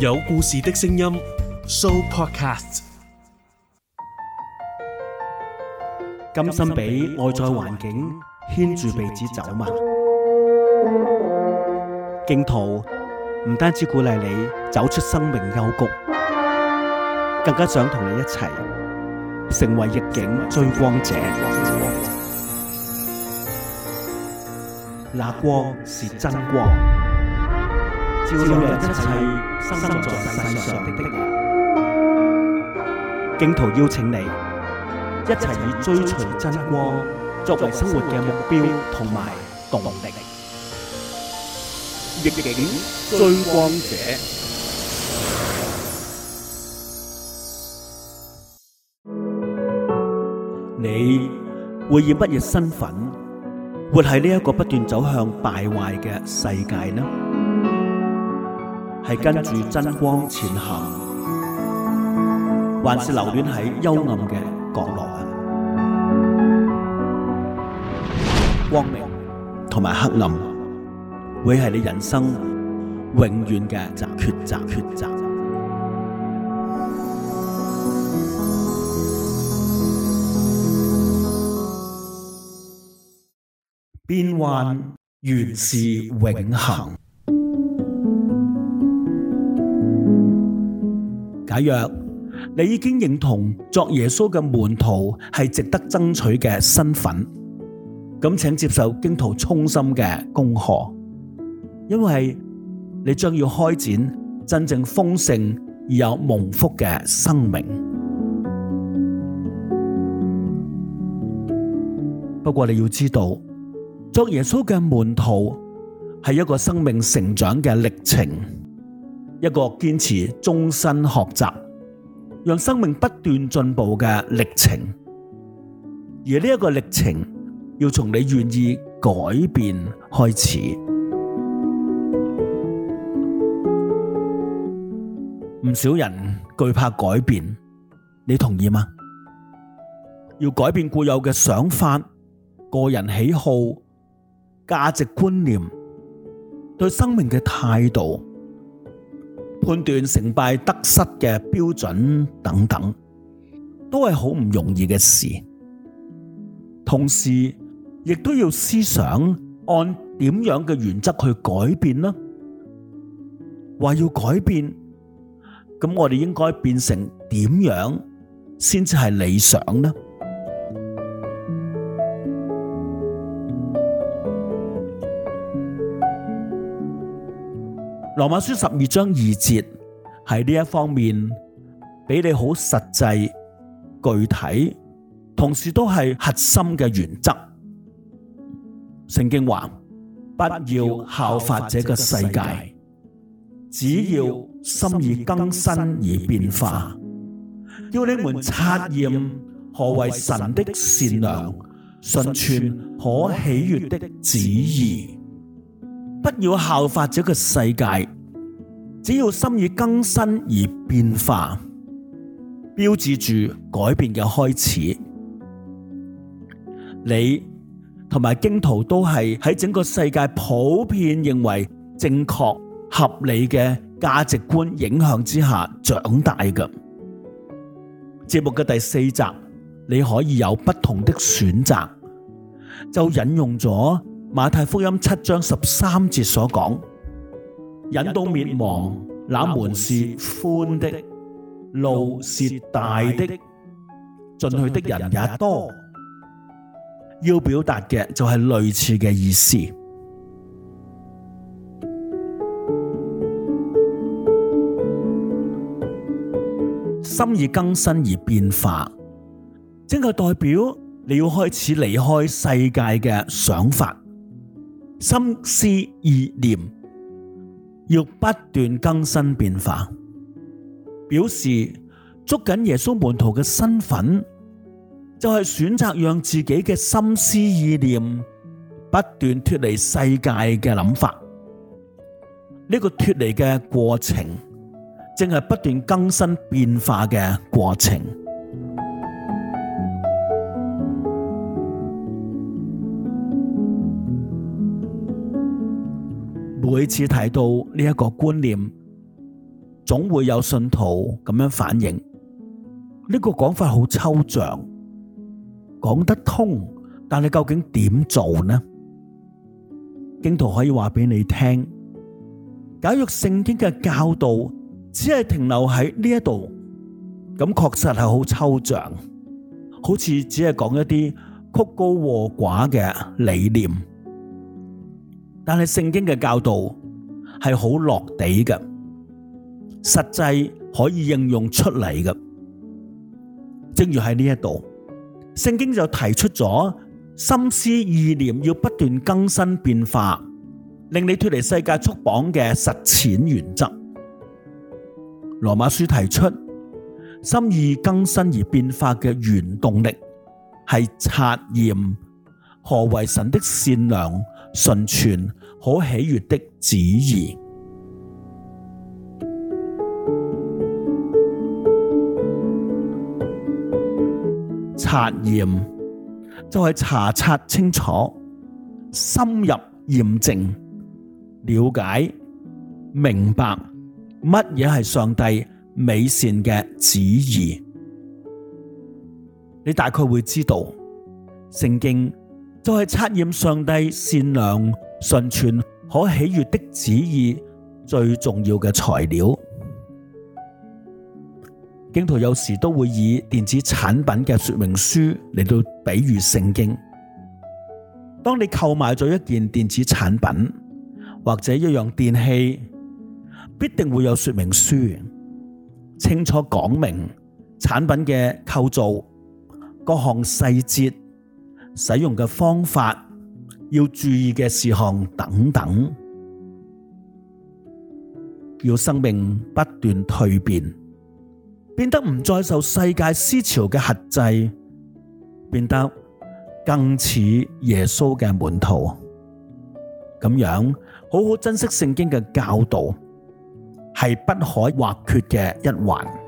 有故事的聲音，Sooopodcast。甘心俾外在環境牽住鼻子走嘛？荊徒唔單止鼓勵你走出生命幽谷，更加想同你一齊成為逆境追光者。那光是真光。照亮一切生在世上的的人，荊徒邀請你，一齊以追隨真光作為生活嘅目標同埋動力。逆境追光者，你會以乜嘢身份活喺呢一個不斷走向敗壞嘅世界呢？係跟住真光前行，還是留戀喺幽暗嘅角落？光明同埋黑暗，會係你人生永遠嘅抉擇，抉擇。變幻原是永恆。假若你已經認同作耶穌嘅門徒係值得爭取嘅身份，咁請接受荊徒衷心嘅恭賀，因為你將要開展真正豐盛而有蒙福嘅生命。不過你要知道，作耶穌嘅門徒係一個生命成長嘅歷程。一個堅持終身學習，讓生命不斷進步嘅歷程。而呢一個歷程，要從你願意改變開始。唔少人懼怕改變，你同意嗎？要改變固有嘅想法、個人喜好、價值觀念、對生命嘅態度。判斷成敗得失嘅標準等等，都係好唔容易嘅事。同時，亦都要思想按點樣嘅原則去改變啦。話要改變，咁我哋應該變成點樣先至係理想呢？羅馬書十二章二節係呢一方面俾你好實際具體，同時都係核心嘅原則。聖經話：不要效法這個世界，只要心意更新而變化。要你們察驗何為神的善良、純全、可喜悅的旨意。不要效法這個世界，只要心意更新而變化，標誌住改變嘅開始。你同埋荊徒都係喺整個世界普遍認為正確合理嘅價值觀影響之下長大嘅。節目嘅第四集，你可以有不同的選擇，就引用咗。馬太福音七章十三節所講，引到滅亡，那門是寬的，路是大的，進去的人也多。要表達嘅就係類似嘅意思。心意更新而變化，正係代表你要開始離開世界嘅想法。心思意念要不斷更新變化，表示捉緊耶穌門徒嘅身份，就係選擇讓自己嘅心思意念不斷脫離世界嘅諗法。呢個脫離嘅過程，正係不斷更新變化嘅過程。每次睇到呢一個觀念，總會有信徒咁樣反應。呢個講法好抽象，講得通，但你究竟點做呢？荊徒可以話俾你聽：假若聖經嘅教導只係停留喺呢一度，咁確實係好抽象，好似只係講一啲曲高和寡嘅理念。但係聖經嘅教導係好落地嘅，實際可以應用出嚟嘅。正如喺呢一度，聖經就提出咗心思意念要不斷更新變化，令你脫離世界束縛嘅實踐原則。羅馬書提出心意更新而變化嘅原動力係察驗何為神的善良、純全可喜悅的旨意，查驗就係查察清楚，深入驗證，了解，明白乜嘢係上帝美善嘅旨意。你大概會知道聖經。就係測驗上帝善良、純全、可喜悦的旨意最重要嘅材料。荊徒有時都會以電子產品嘅說明書嚟到比喻聖經。當你購買咗一件電子產品或者一樣電器，必定會有說明書，清楚講明產品嘅構造各項細節。使用嘅方法，要注意嘅事項等等。要生命不斷蛻變，變得唔再受世界思潮嘅轄制，變得更似耶穌嘅門徒咁樣，好好珍惜聖經嘅教導，係不可或缺嘅一環。